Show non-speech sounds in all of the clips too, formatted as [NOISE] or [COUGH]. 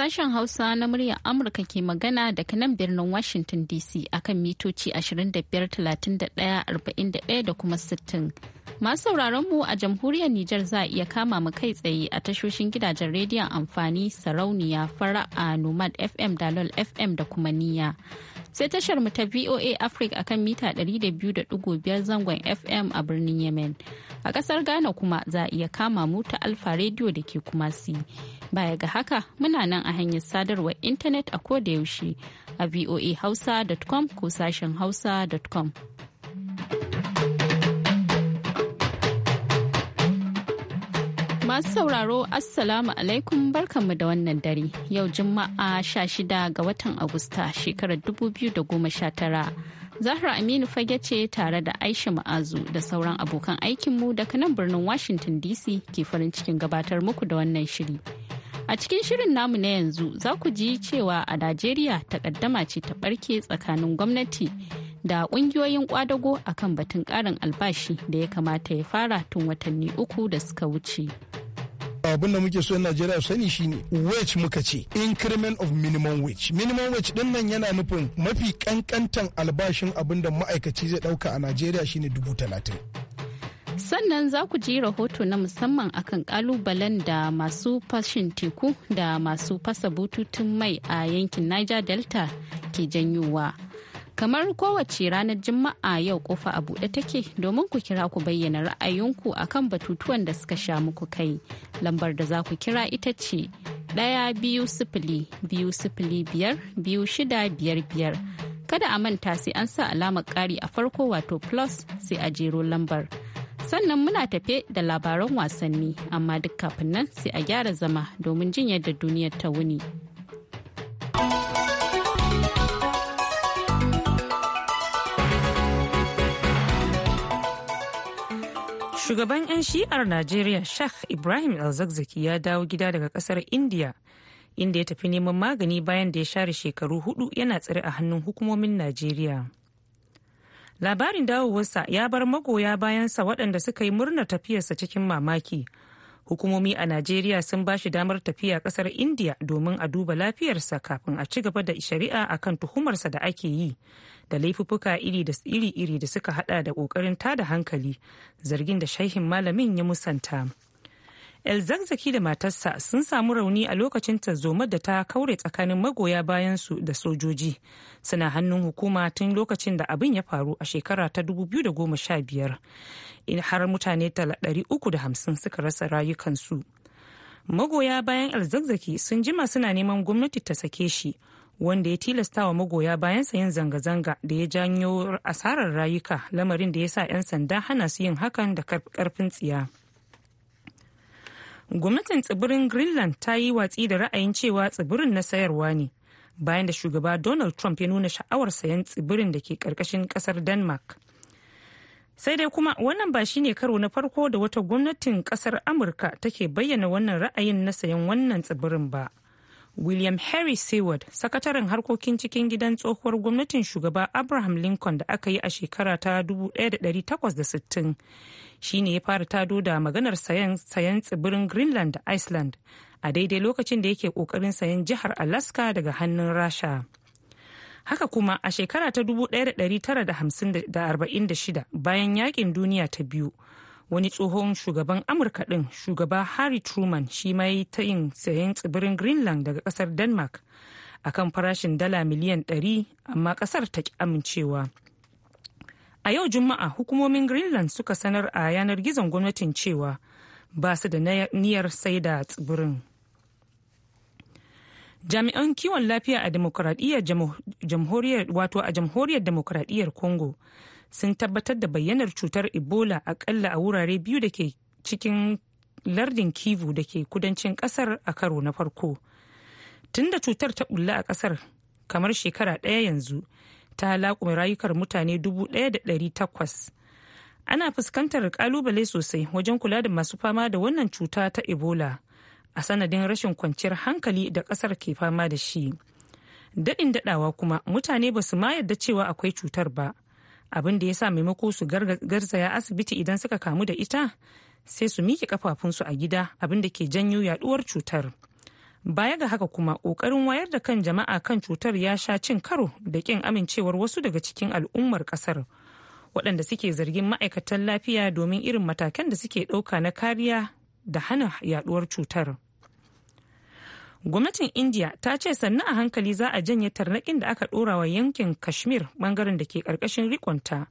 Sashen Hausa na muryar Amurka ke magana daga nan birnin Washington DC akan mitoci 25,31,41 da kuma 60. Masu sauraron mu a jamhuriyar Nijar za a iya kama mu kai tsaye a tashoshin gidajen rediyon amfani sarauniya fara a Nomad FM Dalol FM da kuma niya. sai tashar mu ta VOA Africa akan mita 200.5 zangon FM a birnin Yemen. A kasar Ghana kuma za a iya kama mu ta Alfa Radio da ke kuma si. Baya ga haka muna nan a hanyar sadarwar intanet a kodayaushe yaushe a voahausa.com ko sashen hausa.com. Masu sauraro Assalamu alaikum barkanmu da wannan dare yau Juma'a shida ga watan Agusta shekarar dubu biyu da goma sha tara. Zahra Aminu fage ce tare da Aisha Ma'azu da sauran abokan aikinmu daga nan birnin Washington DC ke farin cikin gabatar muku da wannan shiri. A cikin shirin namu na yanzu za ku ji cewa a Najeriya takaddama ce ta barke tsakanin gwamnati da kungiyoyin kwadago kan batun karin albashi da ya kamata ya fara tun watanni uku da suka wuce. abin da muke so Najeriya sani shine wage muka ce increment of minimum wage minimum wage din nan yana nufin mafi kankantan albashin abin da ma'aikaci zai dauka a Najeriya shine dubu talatin. sannan za ku ji rahoto na musamman akan kalubalen da masu fashin teku da masu fasa bututun mai a yankin niger delta ke janyowa kamar kowace ranar juma'a yau kofa a buɗe take domin ku kira ku bayyana ra'ayinku kan batutuwan da suka sha muku kai lambar da za ku kira ita ce ɗaya biyu sifili biyu sifili biyar biyu shida biyar biyar kada a manta sai an sa alamar kari a farko wato plus sai a jero lambar sannan muna tafe da labaran wasanni amma duk kafin nan sai a gyara zama domin jin yadda duniyar ta wuni. Shugaban 'yan shi'ar Najeriya Sheikh Ibrahim Alzakzaki ya dawo gida daga kasar India inda ya tafi neman magani bayan da ya share shekaru hudu yana tsare a hannun hukumomin Najeriya. Labarin dawowarsa ya bar magoya bayansa waɗanda suka yi murnar tafiyarsa cikin mamaki. Hukumomi a Najeriya sun ba shi damar tafiya kasar India domin a duba lafiyarsa kafin a ci gaba da shari'a akan tuhumarsa da ake yi da laifuka iri-iri da suka hada da kokarin tada hankali zargin da shaihin malamin ya musanta. elzakzaki da matarsa sun samu rauni a lokacin tarzomar da ta kaure tsakanin magoya bayan su da sojoji suna hannun hukuma tun lokacin da abin ya faru a shekara ta 2015 har mutane hamsin suka rasa rayukansu magoya bayan elzakzaki sun jima suna neman gwamnati ta sake shi wanda ya tilasta wa magoya bayansa yin zanga-zanga da ya janyo asarar rayuka lamarin da ya sa 'yan sanda hana su yin hakan da karfin tsiya. Gwamnatin tsibirin Greenland ta yi watsi da ra'ayin cewa tsibirin na sayarwa ne bayan da shugaba Donald Trump ya nuna sha'awar sayan tsibirin da ke karkashin kasar Denmark. Sai dai kuma wannan ba shi ne karo na farko da wata gwamnatin kasar Amurka take bayyana wannan ra'ayin na sayan wannan tsibirin ba. william harry seward sakataren harkokin cikin gidan tsohuwar gwamnatin shugaba abraham lincoln da aka yi a shekara ta 1860 ne ya fara tado da maganar sayan tsibirin greenland da iceland a daidai lokacin da yake kokarin sayan jihar alaska daga hannun rasha haka kuma a shekara ta 1946 bayan yakin duniya ta biyu wani tsohon shugaban amurka din shugaba harry truman shi ma yi ta yin sayen tsibirin greenland daga kasar denmark kan farashin dala miliyan 100 amma kasar ta ki amincewa a yau juma'a hukumomin greenland suka sanar a yanar gizon gwamnatin cewa ba su da niyyar saida tsibirin jami'an kiwon lafiya a jamhuriyar wato a jamhuriyar demokradiyyar congo sun tabbatar da bayyanar cutar ebola akalla a wurare biyu da ke cikin lardin kivu da ke kudancin kasar a karo na farko tun da cutar ta bulla a kasar kamar shekara ɗaya yanzu ta laƙume rayukar mutane 1,800 ana fuskantar kalubale sosai wajen kula da masu fama da wannan cuta ta ebola a sanadin rashin kwanciyar hankali da kasar ke fama da shi daɗin daɗawa kuma mutane ba su ma yarda cewa akwai cutar ba abin da ya sa maimako su garzaya asibiti idan suka kamu da ita sai su miƙe kafafunsu a gida abin da ke janyo yaduwar cutar baya ga haka kuma ƙoƙarin wayar da kan jama'a kan cutar ya sha cin karo da ƙin amincewar wasu daga cikin al'ummar ƙasar waɗanda suke zargin ma'aikatan lafiya domin irin matakan da suke ɗauka na kariya da hana yaduwar cutar. gwamnatin india ta ce sannu a hankali za a janye tarnaƙin da aka ɗora wa yankin kashmir ɓangaren da ke ƙarƙashin rikonta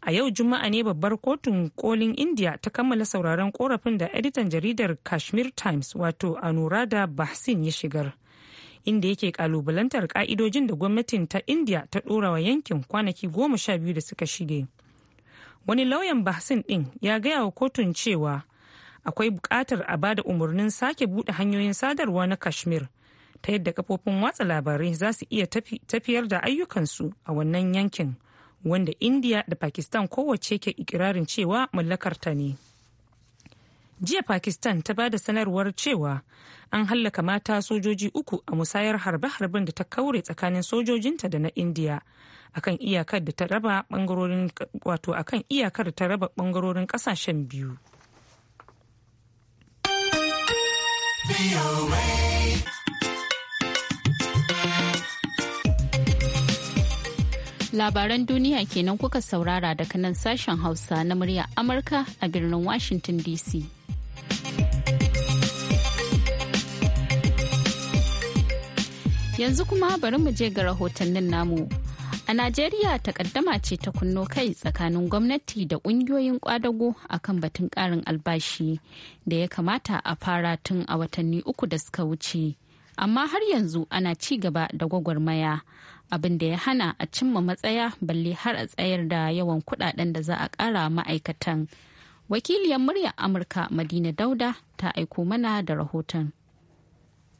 a yau juma'a ne babbar kotun kolin india ta kammala sauraron korafin da editan jaridar kashmir times wato anurada bahsin ya shigar inda yake kalubalantar ka'idojin da gwamnatin ta india ta ɗora wa yankin kwanaki goma sha biyu da suka shige wani lauyan bahsin ɗin ya gaya wa kotun cewa akwai bukatar a bada umarnin sake bude hanyoyin sadarwa na kashmir ta yadda kafofin watsa labarai za su iya tafiyar da ayyukansu a wannan yankin wanda india da pakistan kowace ke ikirarin cewa mallakarta ne jiya pakistan ta ba da sanarwar cewa an hallaka mata sojoji uku a musayar harbe-harben da ta kaure tsakanin sojojinta da na india akan iyakar da ta raba bangarorin kasashen biyu Labaran duniya kenan kuka saurara daga nan sashen Hausa na murya Amurka a birnin Washington DC. Yanzu kuma bari mu je ga rahotannin namu. A Najeriya takaddama ce ta kunno kai tsakanin gwamnati da ƙungiyoyin ƙwadago a kan batun ƙarin albashi da ya kamata a fara tun a watanni uku da suka wuce. Amma har yanzu ana ci gaba da gwagwarmaya abin da ya hana a cimma matsaya balle har a tsayar da yawan kuɗaɗen da za a ƙara ma'aikatan. Wakiliyar muryar Amurka Madina Dauda ta aiko mana da rahoton.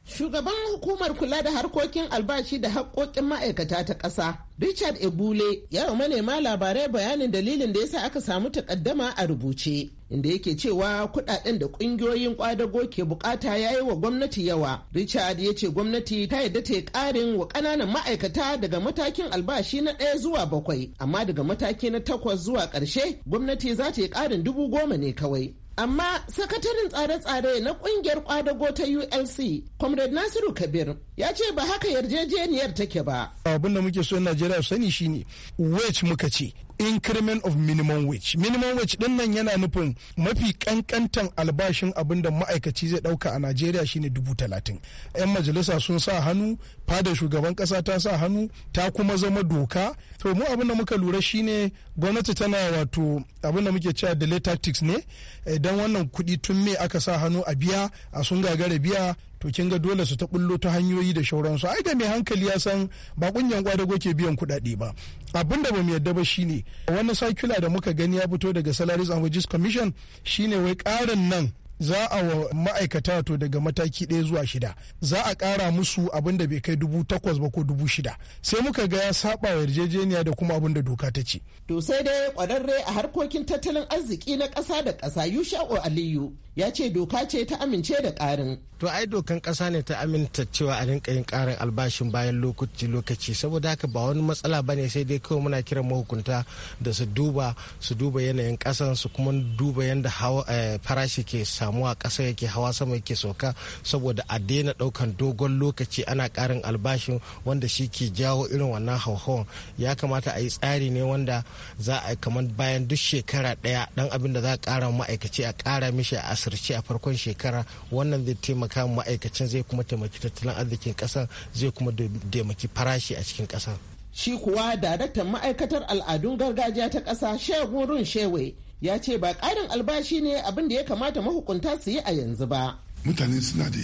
Shugaban hukumar kula da harkokin albashi da haƙƙoƙin ma'aikata ta ƙasa, Richard Ebule, ya manema labarai bayanin dalilin da yasa aka samu takaddama a rubuce, inda yake cewa kuɗaɗen da ƙungiyoyin ƙwadago ke bukata ya yi wa gwamnati yawa. Richard ya ce gwamnati ta yadda ta yi ƙarin wa ƙananan ma'aikata daga matakin albashi na ɗaya zuwa bakwai, amma daga mataki na takwas zuwa ƙarshe gwamnati za ta yi ƙarin dubu goma ne kawai. amma sakataren tsare-tsare na kungiyar kwadago ta ulc comrade nasiru kabir ya ce ba haka yarjejeniyar take ba. Abin da muke so Najeriya sani shine wage muka ce increment of minimum wage. Minimum wage din nan yana nufin mafi kankantan albashin abin da ma'aikaci zai dauka a Najeriya shine dubu talatin. 'Yan majalisa sun sa hannu, fadar shugaban kasa ta sa hannu, ta kuma zama doka. To mu abin da muka lura shine gwamnati tana wato abin da muke cewa delay tactics ne. Idan wannan kuɗi tun me aka sa hannu a biya a sun gagara biya to kin ga dole su ta bullo ta hanyoyi da shauransu ai da mai hankali ya san ba kunyan kwadago ke biyan kuɗaɗe ba abin da ba mu yadda ba shine wani sakula da muka gani ya fito daga salaries and wages commission shine wai ƙarin nan za a wa ma'aikata to daga mataki ɗaya zuwa shida za a ƙara musu abin da bai kai dubu takwas ba ko dubu shida sai muka ga ya saba wa yarjejeniya da kuma abin da doka ta ce. to sai dai kwararre a harkokin tattalin arziki na ƙasa da ƙasa yusha'u aliyu ya ce doka ce ta amince da ƙarin. to ai dokan ƙasa ne ta aminta cewa a rinka yin ƙarin albashin bayan lokaci lokaci saboda haka ba wani matsala ba ne sai dai kawai muna kiran mahukunta da su duba su duba yanayin ƙasan su kuma duba yadda eh, farashi ke sa samuwa ƙasa yake hawa sama yake sauka saboda a daina ɗaukan dogon lokaci ana karin albashin wanda shi ke jawo irin wannan hauhawan ya kamata a yi tsari ne wanda za a kamar bayan duk shekara ɗaya dan abin da za a ƙara ma'aikaci a kara mishi a asirce a farkon shekara wannan zai taimaka ma'aikacin zai kuma taimaki tattalin arzikin ƙasar zai kuma taimaki farashi a cikin ƙasar. Shi kuwa daraktan ma'aikatar al'adun gargajiya ta ƙasa Shehu Run Shewe ya ce ba ƙarin albashi ne abin da ya kamata mahukunta su yi a yanzu ba. Mutane suna da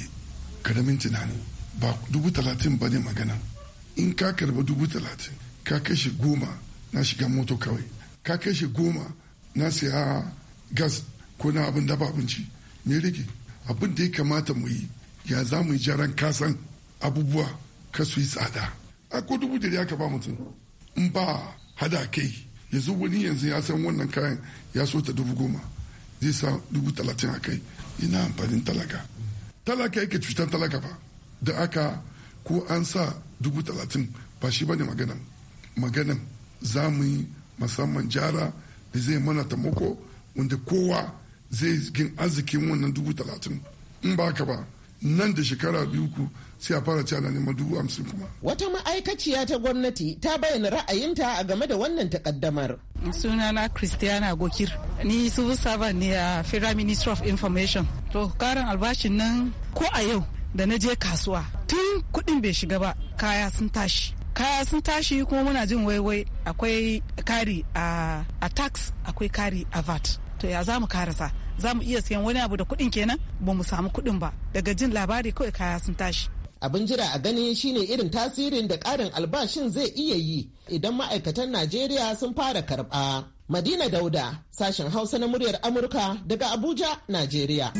karamin tunani ba dubu talatin ba ne magana. In ka karba dubu talatin ka kashe goma na shiga moto kawai ka kashe goma na siya gas ko na abin dafa abinci me rage abin da ya kamata mu yi ya za mu yi jaran kasan abubuwa ka su yi tsada a ko dubu da ya ka ba mutum in ba hada kai yanzu wani yanzu ya san wannan kayan ya so ta dubu goma zai sa dubu talatin a kai ina amfanin talaka talaka yake cutar talaka ba da aka ko an sa dubu talatin ba shi ba ne maganan maganan za mu yi musamman jara da zai mana tamako wanda kowa zai gin arzikin wannan dubu talatin in ba ka ba nan da shekara biyu ku sai a fara ci neman dubu hamsin kuma. Wata ma'aikaciya ta gwamnati ta bayyana ra'ayinta a game da wannan takaddamar. Sunana Christiana Gokir, ni civil servant ne a Federal Ministry of Information. To, karin albashin nan ko a yau da na je kasuwa tun kuɗin bai shiga ba kaya sun tashi. kaya sun tashi kuma muna jin waiwai akwai kari a tax akwai kari a vat to ya za mu karasa za mu iya siyan wani abu da kuɗin kenan ba mu samu kuɗin ba daga jin labari kawai kaya sun tashi abin jira a gani shine irin tasirin da ƙarin albashin zai iya yi idan ma'aikatan najeriya sun fara karɓa madina dauda sashen hausa na muryar amurka daga abuja najeriya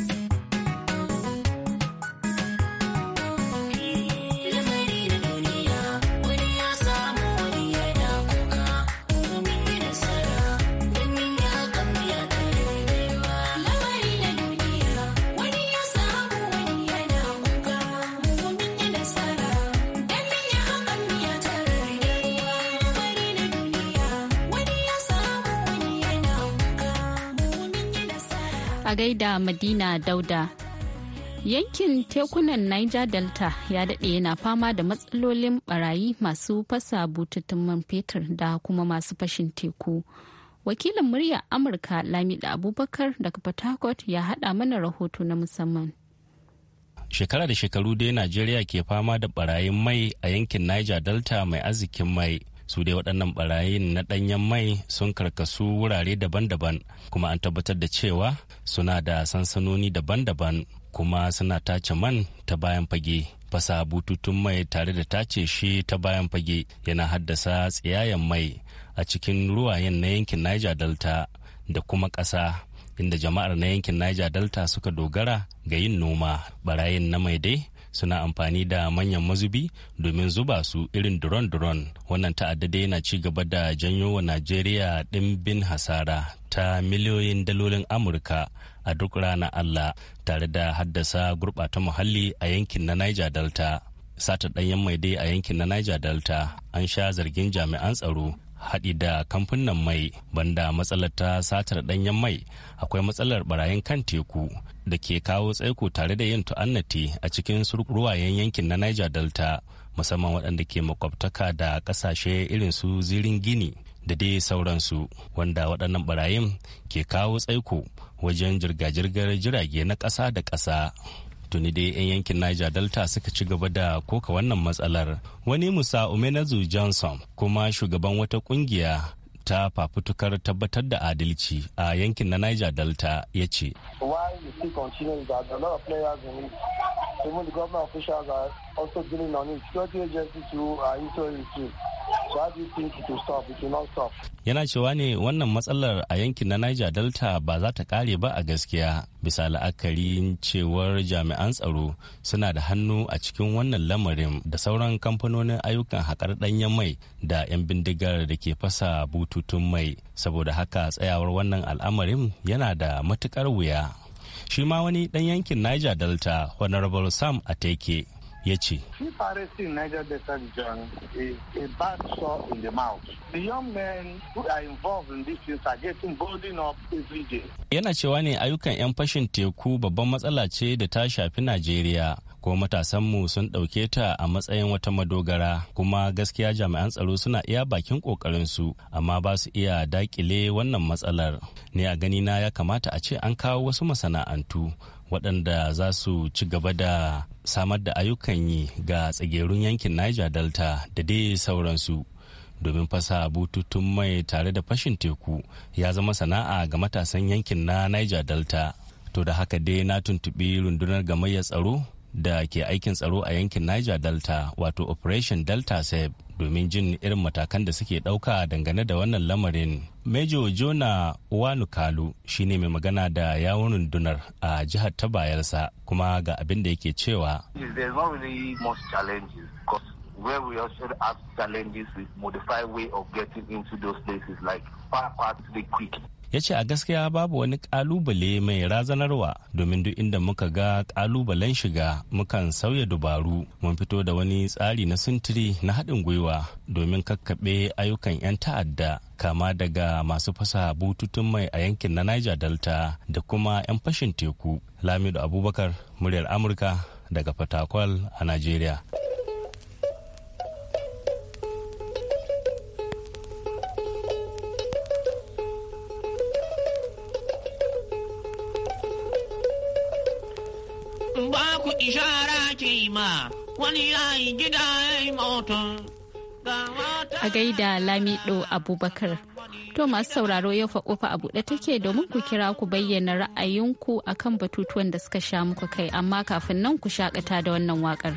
a gaida madina dauda yankin tekunan niger delta ya daɗe yana fama da matsalolin barayi masu fasa bututun man fetur da kuma masu fashin teku wakilin murya amurka lamida abubakar daga port ya haɗa mana rahoto na musamman shekara da shekaru dai najeriya ke fama da barayin mai a yankin niger delta mai arzikin mai su dai waɗannan barayin na ɗanyen mai sun karkasu wurare daban-daban kuma an tabbatar da cewa suna da sansanoni daban-daban kuma suna tace man ta bayan fage fasa bututun mai tare da tace shi ta bayan fage yana haddasa tsayayen mai a cikin ruwayen na yankin niger delta da kuma ƙasa inda jama'ar na yankin niger delta suka dogara ga yin noma barayin na mai dai suna amfani da manyan mazubi domin zuba su irin duron-duron wannan ta'addade yana ci gaba da janyo wa najeriya ɗimbin hasara ta miliyoyin dalolin amurka a duk rana allah tare da haddasa gurɓata muhalli a yankin na niger delta sata ɗanyen mai dai a yankin na niger delta an sha zargin jami'an tsaro haɗi da kamfunan mai banda matsalar ta satar ɗanyen mai akwai matsalar barayin kan teku da ke kawo tsaiko tare da yin tu'annati a cikin ruwayen yankin na niger delta musamman waɗanda ke makwabtaka da ƙasashe irin su zirin gini da dai sauransu wanda waɗannan barayin ke kawo tsaiko wajen jirga-jirgar jirage na ƙasa da ƙasa tuni dai 'yan yankin niger delta suka ci gaba da koka wannan matsalar wani musa umenazu johnson kuma shugaban wata kungiya ta fafutukar tabbatar da adalci a yankin na Niger Delta ya ce. Even the government officials are also dealing on it. Security agencies too are into it too. Yana cewa ne wannan matsalar a yankin na Niger Delta ba za ta kare ba a gaskiya bisa la'akarin cewar jami'an tsaro suna da hannu a cikin wannan lamarin da sauran kamfanonin ayyukan haƙar ɗanyen mai da 'yan bindigar da ke fasa bututun mai saboda haka tsayawar wannan al'amarin yana da matukar wuya. Shi ma wani ɗan yankin Niger Delta Honorable Sam Ateke ya ce yana cewa ne ayyukan 'yan fashin teku babban matsala ce da ta shafi najeriya ko matasanmu sun ɗauke ta a matsayin wata madogara kuma gaskiya jami'an tsaro suna iya bakin ƙoƙarinsu amma ba su iya daƙile wannan matsalar ne a ganina ya kamata a ce an kawo wasu masana'antu waɗanda za su ci gaba da samar da ayyukan yi ga tsagerun yankin niger delta da dai sauransu domin fasa bututun mai tare da fashin teku ya zama sana'a ga matasan yankin na niger delta to da haka dai na tuntuɓi rundunar gamayyar tsaro da ke aikin tsaro a yankin niger delta wato operation delta save domin jin irin matakan da suke ɗauka dangane da wannan lamarin. Mejo Jona Wanukalu shi ne mai magana da yawon rundunar a jihar ta bayarsa kuma ga abin da yake cewa. where we also have challenges with modified way of getting into those places like far fast, quick. ya ce a gaskiya babu wani kalubale mai razanarwa domin duk inda muka ga kalubalen shiga mukan sauya dubaru mun fito da wani tsari na sintiri na haɗin gwiwa domin kakkaɓe ayyukan 'yan ta'adda kama daga masu fasa bututun mai a yankin na niger delta da kuma 'yan fashin teku lamido abubakar muryar amurka daga fatakwal a nigeria a gaida lamido abubakar to masu sauraro yau fa a buɗe take domin ku kira ku bayyana ra'ayinku akan batutuwan da suka sha muku kai amma kafin nan ku shakata da wannan waƙar.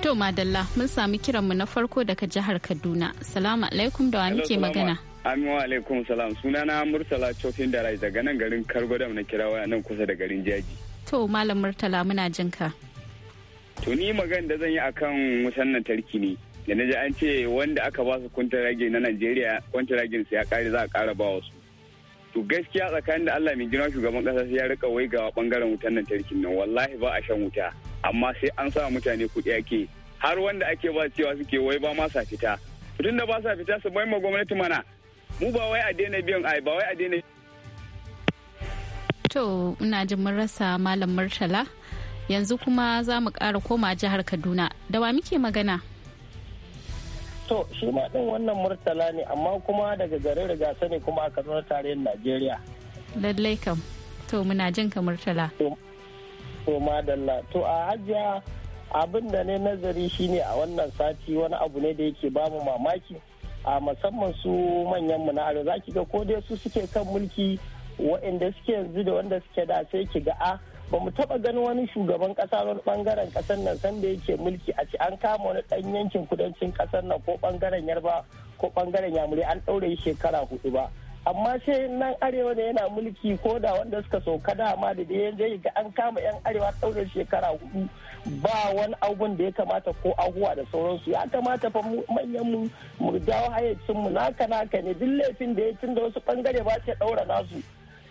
To Madalla mun sami kiran mu na farko daga jihar Kaduna. Salamu alaikum da wa muke magana. Amin wa alaikum salam sunana Murtala da Darai daga nan garin Kargodam na kira waya nan kusa da garin Jaji. To Malam Murtala muna jin ka. To ni magan da zan yi akan wutan lantarki ne. Da na ji an ce wanda aka ba su kuntarage na Najeriya kwantaragin su ya kare za a kara ba wasu. To gaskiya tsakanin da Allah mai girma shugaban kasa sai ya rika waigawa bangaren wutan lantarkin nan wallahi ba a shan wuta. amma sai an sa mutane kuɗi ake har wanda ake ba cewa suke wai ba ma sa fita tun da ba sa fita su bai ma gwamnati mana mu ba wai a daina biyan ai ba wai a daina to ina jin mun rasa malam murtala yanzu kuma za mu ƙara koma jihar kaduna da wa muke magana to shi ma din wannan murtala ne amma kuma daga garin rigasa ne kuma a kaduna tarayyar najeriya lallai kam to muna jin ka murtala ko madalla to a hajiya abin da ne nazari shine a wannan sati wani abu ne da yake bamu mamaki a musamman su manyan mu na za ki ga ko dai su suke kan mulki waɗanda suke yanzu da wanda suke da sai ki ga a ba mu taba ganin wani shugaban kasa wani bangaren kasar nan sanda yake mulki a ci an kama wani dan yankin kudancin kasar nan ko bangaren yarba ko bangaren yamuri an ɗaure shekara hudu ba amma sai nan arewa ne yana mulki ko da wanda suka sauka dama da da yanzu ga an kama yan arewa tsaurin shekara hudu ba wani abun da ya kamata ko ahuwa da sauransu ya kamata fa manyan mu mu dawo hayyacin mu naka naka ne duk laifin da ya tun da wasu bangare ba ce ɗaura nasu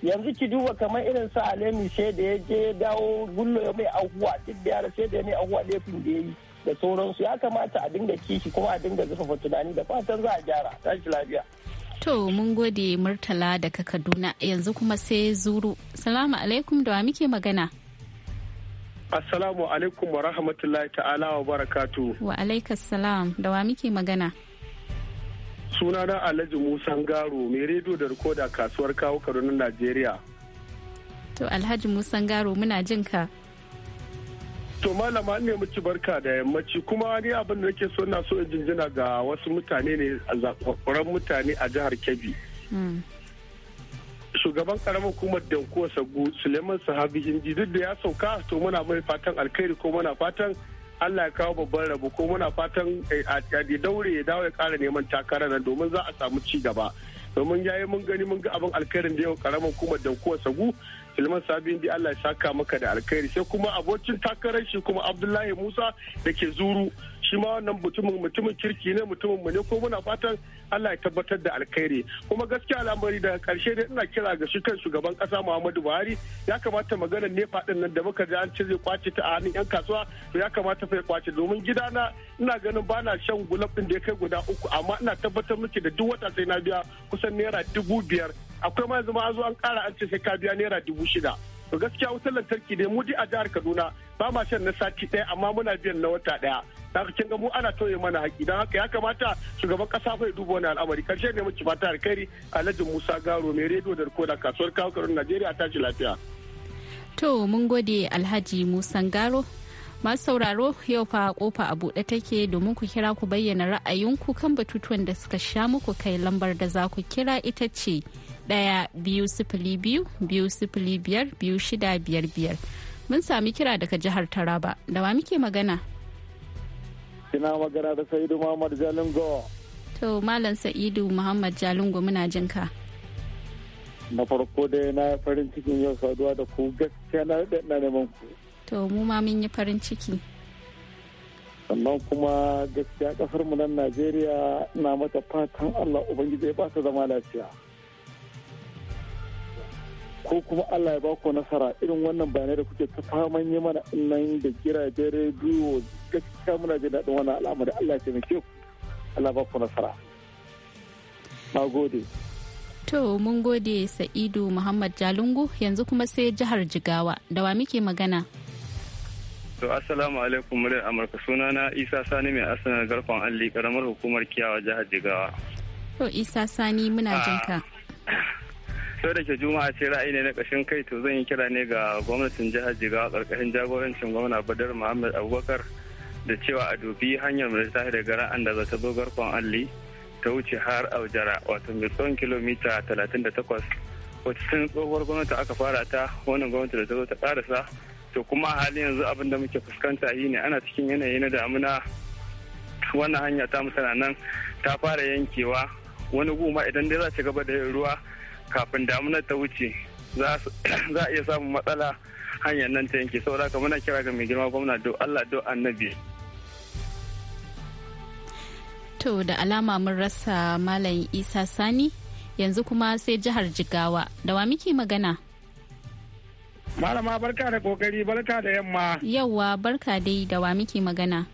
yanzu ki duba kamar irin sa alemi sai da ya je ya dawo gullo ya mai ahuwa duk da yara sai da ya mai ahuwa laifin da ya yi da sauransu ya kamata a dinga kishi kuma a dinga zufafa tunani da fatan za a gyara tashi lafiya. To mun gode Murtala daga Kaduna yanzu kuma sai zuru. Salamu alaikum da wa muke magana. Assalamu alaikum wa rahmatullahi ta'ala wa barakatu. Wa alaikas salam da wa muke magana. Sunana Alhaji Musa Ngaro mai rediyo da rikoda kasuwar kawo Kaduna Najeriya. To Alhaji Musa Ngaro muna jin ka. To malama ne muci barka da yammaci kuma ni abin da nake so na so in jinjina ga wasu mutane ne a zakwakwaran mutane a jihar Kebbi. Hmm. Shugaban karamar hukumar Danko Sagu Suleiman Sahabi Inji duk da ya sauka to muna mai fatan alkhairi ko muna fatan Allah ya kawo babban rabo ko muna fatan eh, a daure ya dawo ya kara neman takara nan domin za a samu ci gaba. domin yayi mun gani mun ga abin alkhairin da yau karamar hukumar Danko Sagu Suleiman sabin bi Allah ya saka maka da alkhairi sai kuma abocin takarar shi kuma Abdullahi Musa da ke zuru shi ma wannan mutumin mutumin kirki ne mutumin mu ne ko muna fatan Allah ya tabbatar da alkhairi kuma gaskiya al'amari daga karshe dai ina kira ga shi kan shugaban kasa Muhammadu Buhari ya kamata maganar ne din nan da muka ji an zai kwace ta a hannun yan kasuwa to ya kamata fa ya kwace domin gidana ina ganin ba na shan gulab din da ya kai guda uku amma ina tabbatar miki da duk wata sai na biya kusan naira dubu biyar akwai ma yanzu ma an zo an kara an ce sai ka biya naira dubu shida to gaskiya wutar lantarki ne mu a jihar kaduna ba ma shan na sati ɗaya amma muna biyan na wata ɗaya da haka kin ga mu ana toye mana haƙi don haka ya kamata shugaban ƙasa fa ya duba wani al'amari karshe ne muke fata alkhairi alhaji musa garo mai rediyo da rikoda kasuwar kawo karon najeriya tashi lafiya. to mun gode alhaji musa garo masu sauraro yau fa kofa a buɗe take domin ku kira ku bayyana ra'ayinku kan batutuwan da suka sha muku kai lambar da za ku kira ita ce ɗaya biyu sifili biyu biyu sifili biyar biyu shida biyar biyar mun sami kira daga jihar taraba da wa muke magana kina magana da sa'idu muhammad jalingo to malam sa'idu muhammad jalingo muna jin ka na farko dai na farin cikin yau saduwa da ku gaskiya na da na neman ku to mu ma mun yi farin ciki sannan kuma gaskiya kasar mu nan najeriya na mata fatan allah ubangiji ya ba ta zama lafiya ko kuma Allah ya baku nasara irin wannan bayanai da kuke ta faman yi mana nan da kira da rediyo gaskiya muna jin daɗin wannan al'amari Allah ya taimake ku Allah bako nasara na gode to mun gode sa'idu muhammad jalungu yanzu kuma sai jihar jigawa da wa muke magana To assalamu alaikum muryar Amurka suna na Isa Sani mai asanar garkon alli karamar hukumar kiyawa jihar Jigawa. To Isa Sani muna jinka. Ah. sau da ke juma'a ce ra'ayi ne na ƙashin kai to zan yi kira ne ga gwamnatin jihar jigawa ƙarƙashin jagorancin gwamna badar muhammad abubakar da cewa a dubi hanyar mai ta da gara an da zata dogar kwan alli ta wuce har aujara wato mai tsawon kilomita 38 wacce sun tsohuwar gwamnati aka fara ta wannan gwamnati da ta zo ta karasa to kuma a halin yanzu abin da muke fuskanta yi ne ana cikin yanayi na damuna wannan hanya ta musana nan ta fara yankewa wani guma idan dai za ta gaba da yin ruwa kafin damunar ta wuce [COUGHS] za a iya samun matsala hanyar nan ta yanke saboda ka muna kira ga mai girma gwamna do Allah do annabi to da alama mun rasa malam isa sani yanzu kuma sai jihar jigawa da wa muke magana malama barka da kokari barka da yamma yauwa barka dai da wa muke magana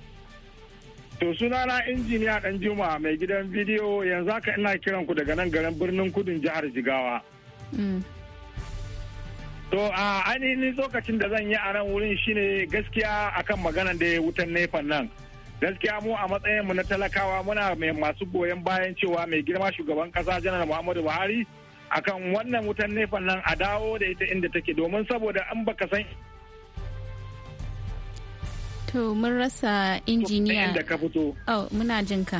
To sunana injiniya dan Juma mai gidan bidiyo yanzu haka ina kiran ku daga nan garin birnin kudin jihar Jigawa. Mm. To a ainihin lokacin da zan yi a nan wurin shine gaskiya akan maganan da wutan nefan nan. Gaskiya mu a matsayinmu na talakawa muna mai masu goyon bayan cewa mai girma shugaban kasa janar Muhammadu Buhari akan wannan wutan nefan nan a dawo da ita inda take domin saboda an baka san To mun rasa injiniya. Inda ka fito. Oh, muna jin ka.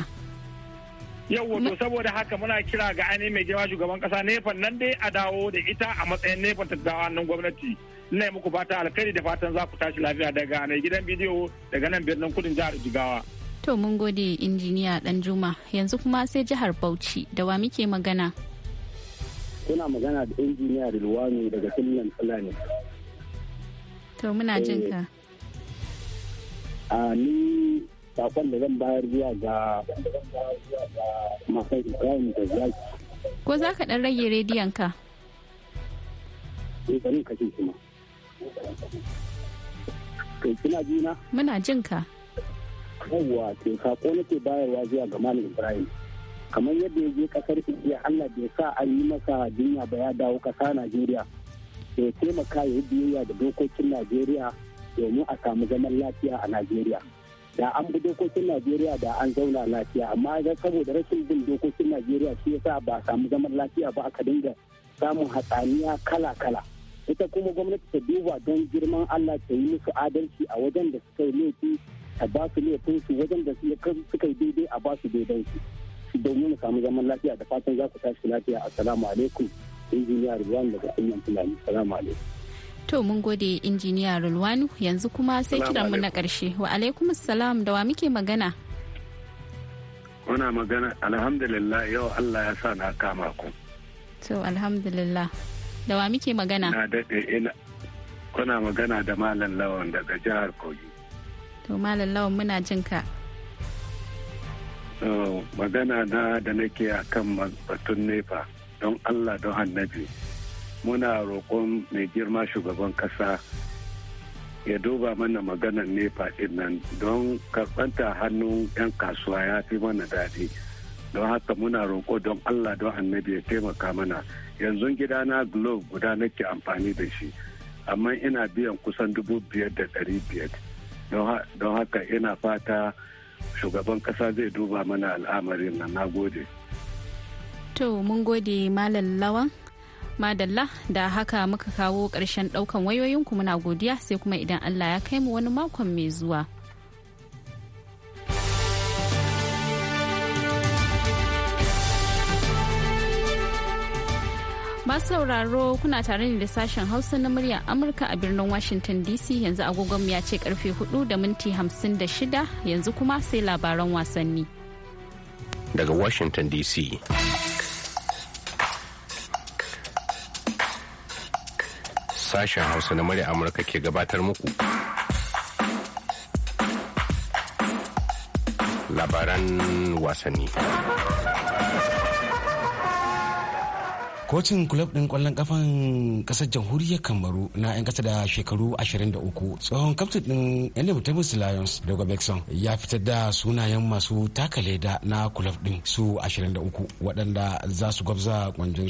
Yau wato saboda haka muna kira ga ainihin mai girma shugaban kasa nefan nan dai a dawo da ita a matsayin nefan tattawa nan gwamnati. Ina muku fata alkhairi da fatan za ku tashi lafiya daga nan gidan bidiyo daga nan birnin kudin jihar Jigawa. To mun gode injiniya juma yanzu kuma sai jihar Bauchi da wa muke magana. Kuna magana da injiniya Rilwani daga Finland Fulani. To muna jin ka. Eh, a ni sakon da zan bayar zuwa ga masu ibrahim da zaki ko za ka dan rage rediyon ka eh bari kuma kai kina ji na muna jin ka yawwa ke sako nake bayarwa zuwa ga malam ibrahim kamar yadda ya je kasar indiya allah bai sa an yi masa jinya ba ya dawo kasa najeriya ya taimaka ya yi biyayya da dokokin najeriya domin a samu zaman lafiya a najeriya da an bi dokokin najeriya da an zauna lafiya amma ga saboda rashin bin dokokin najeriya shi yasa ba a samu zaman lafiya ba aka dinga samun hatsaniya kala kala ita kuma gwamnati ta duba don girman allah ta yi musu adalci a wajen da suka yi laifi a ba su laifin su wajen da suka yi daidai a ba su daidai su domin mu samu zaman lafiya da fatan za ku tashi lafiya assalamu alaikum injiniya rizwan daga kunyan fulani assalamu alaikum to mun gode injiniya rulwanu yanzu kuma sai kiranmu na karshe wa alaikum salam da wa muke magana Muna magana alhamdulillah yau Allah ya sa na kama ku. To alhamdulillah. Da wa muke magana? Na daɗe ina kuna magana da Malam Lawan daga jihar Kogi. To Malam Lawan muna jin ka. magana na da nake a kan batun nefa don Allah don annabi. muna roƙon mai girma shugaban ƙasa ya duba mana maganar nefa ɗin nan don karɓanta hannun 'yan kasuwa ya fi mana daɗi don haka muna roƙo don allah don annabi ya taimaka mana yanzu gidana globe guda nake amfani da shi amma ina biyan kusan dubu biyar da ɗari biyar don haka ina fata shugaban ƙasa zai duba mana al'amarin na gode. to mun gode malam lawan madalla da haka muka kawo ƙarshen ɗaukan ku muna godiya sai kuma idan allah ya kai mu wani makon mai zuwa masu sauraro kuna tare ne da sashen hausa na murya amurka a birnin washington dc yanzu agogonmu ya ce karfe 4 da minti 56 yanzu kuma sai labaran wasanni daga washington dc sashen hausa na murya amurka ke gabatar muku labaran wasanni kocin club din kwallon kafan kasar jamhuriyar kamaru na 'yan kasa da shekaru 23 tsohon kaftin din indomitable lions daga bexon ya fitar da sunayen masu taka leda na kulab din su 23 waɗanda za su gwabza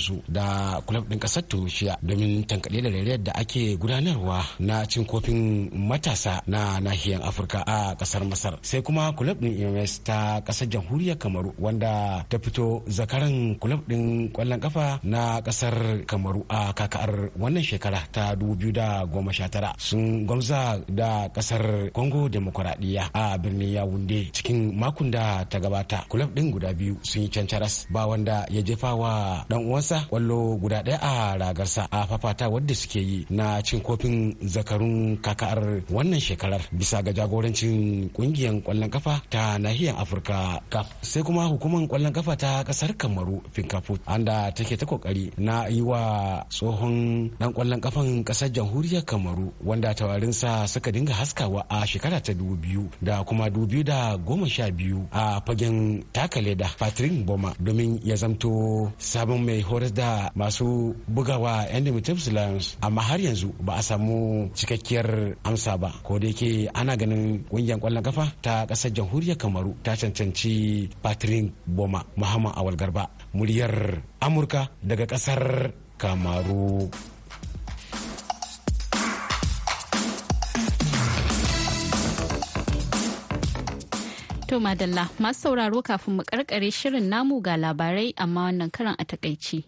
su da kulab din kasar tunisia domin tankaɗe da rariyar da ake gudanarwa na cin kofin matasa na nahiyar afirka a kasar masar sai kuma kulab din ms ta kasar jamhuriyar kamaru wanda ta fito zakaran kulab din ƙwallon kafa na kasar kamaru a kakar wannan shekara ta 2019 sun gwamza da kasar congo demokuraɗiyya a birnin yawunde cikin makon da ta gabata kulab ɗin guda biyu sun yi cancaras ba wanda ya jefa wa ɗan uwansa kwallo guda ɗaya a ragarsa a fafata wadda suke yi na cin kofin zakarun kakar wannan shekarar bisa ga jagorancin ƙungiyar ƙwallon kafa ta nahiyar afirka kaf sai kuma hukumar ƙwallon kafa ta kasar kamaru finkafut anda take ta kokari kokari na yi wa tsohon dan kwallon kafan kasar jamhuriyar kamaru wanda tawarinsa suka dinga haskawa a shekara ta dubu biyu da kuma dubu biyu da goma sha biyu a fagen takale da patrick boma domin ya zamto sabon mai horar da masu bugawa yan dimitips lions amma har yanzu ba a samu cikakkiyar amsa ba ko da yake ana ganin kungiyar kwallon kafa ta kasar jamhuriyar kamaru ta cancanci patrick boma muhammad awal garba muryar amurka daga kasar kamaru To Madalla, masu sauraro kafin mu karkare shirin namu ga labarai amma wannan karan a takaici.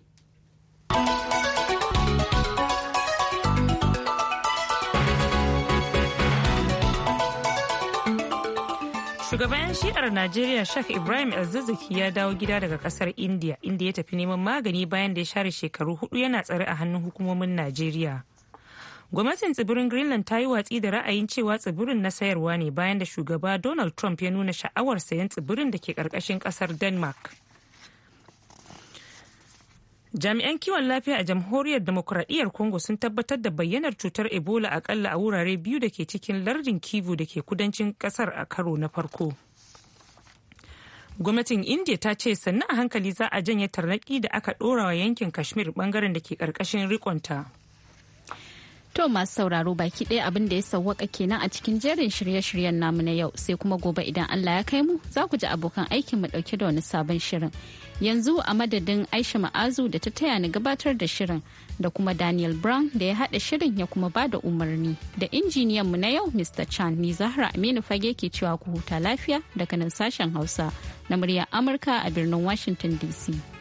shugaban shi'ar najeriya shak ibrahim elzazzaki ya dawo gida daga kasar india inda ya tafi neman magani bayan da ya share shekaru hudu yana tsare a hannun hukumomin najeriya gwamnatin tsibirin greenland ta yi watsi da ra'ayin cewa tsibirin na sayarwa ne bayan da shugaba donald trump ya nuna sha'awar sayan tsibirin da ke karkashin kasar denmark jami'an kiwon lafiya a jamhuriyar demokuraɗiyyar congo sun tabbatar da bayyanar cutar ebola akalla a wurare biyu da ke cikin lardin kivu da ke kudancin kasar a karo na farko gwamnatin india ta ce sannan a hankali za a janye tarnaki da aka ɗora wa yankin kashmir bangaren da ke ƙarƙashin rikonta To masu sauraro baki ɗaya abin da ya sauwaka kenan a cikin jerin shirye-shiryen namu na yau sai kuma gobe idan Allah ya kai mu za ku ji abokan aikin mu ɗauke da wani sabon shirin. Yanzu a madadin Aisha Ma'azu da ta taya ni gabatar da shirin da kuma Daniel Brown da ya haɗa shirin ya kuma ba da umarni da injiniyan mu na yau Mr. Chan ni Zahra Aminu Fage ke cewa ku huta lafiya daga nan sashen Hausa na muryar Amurka a birnin Washington DC.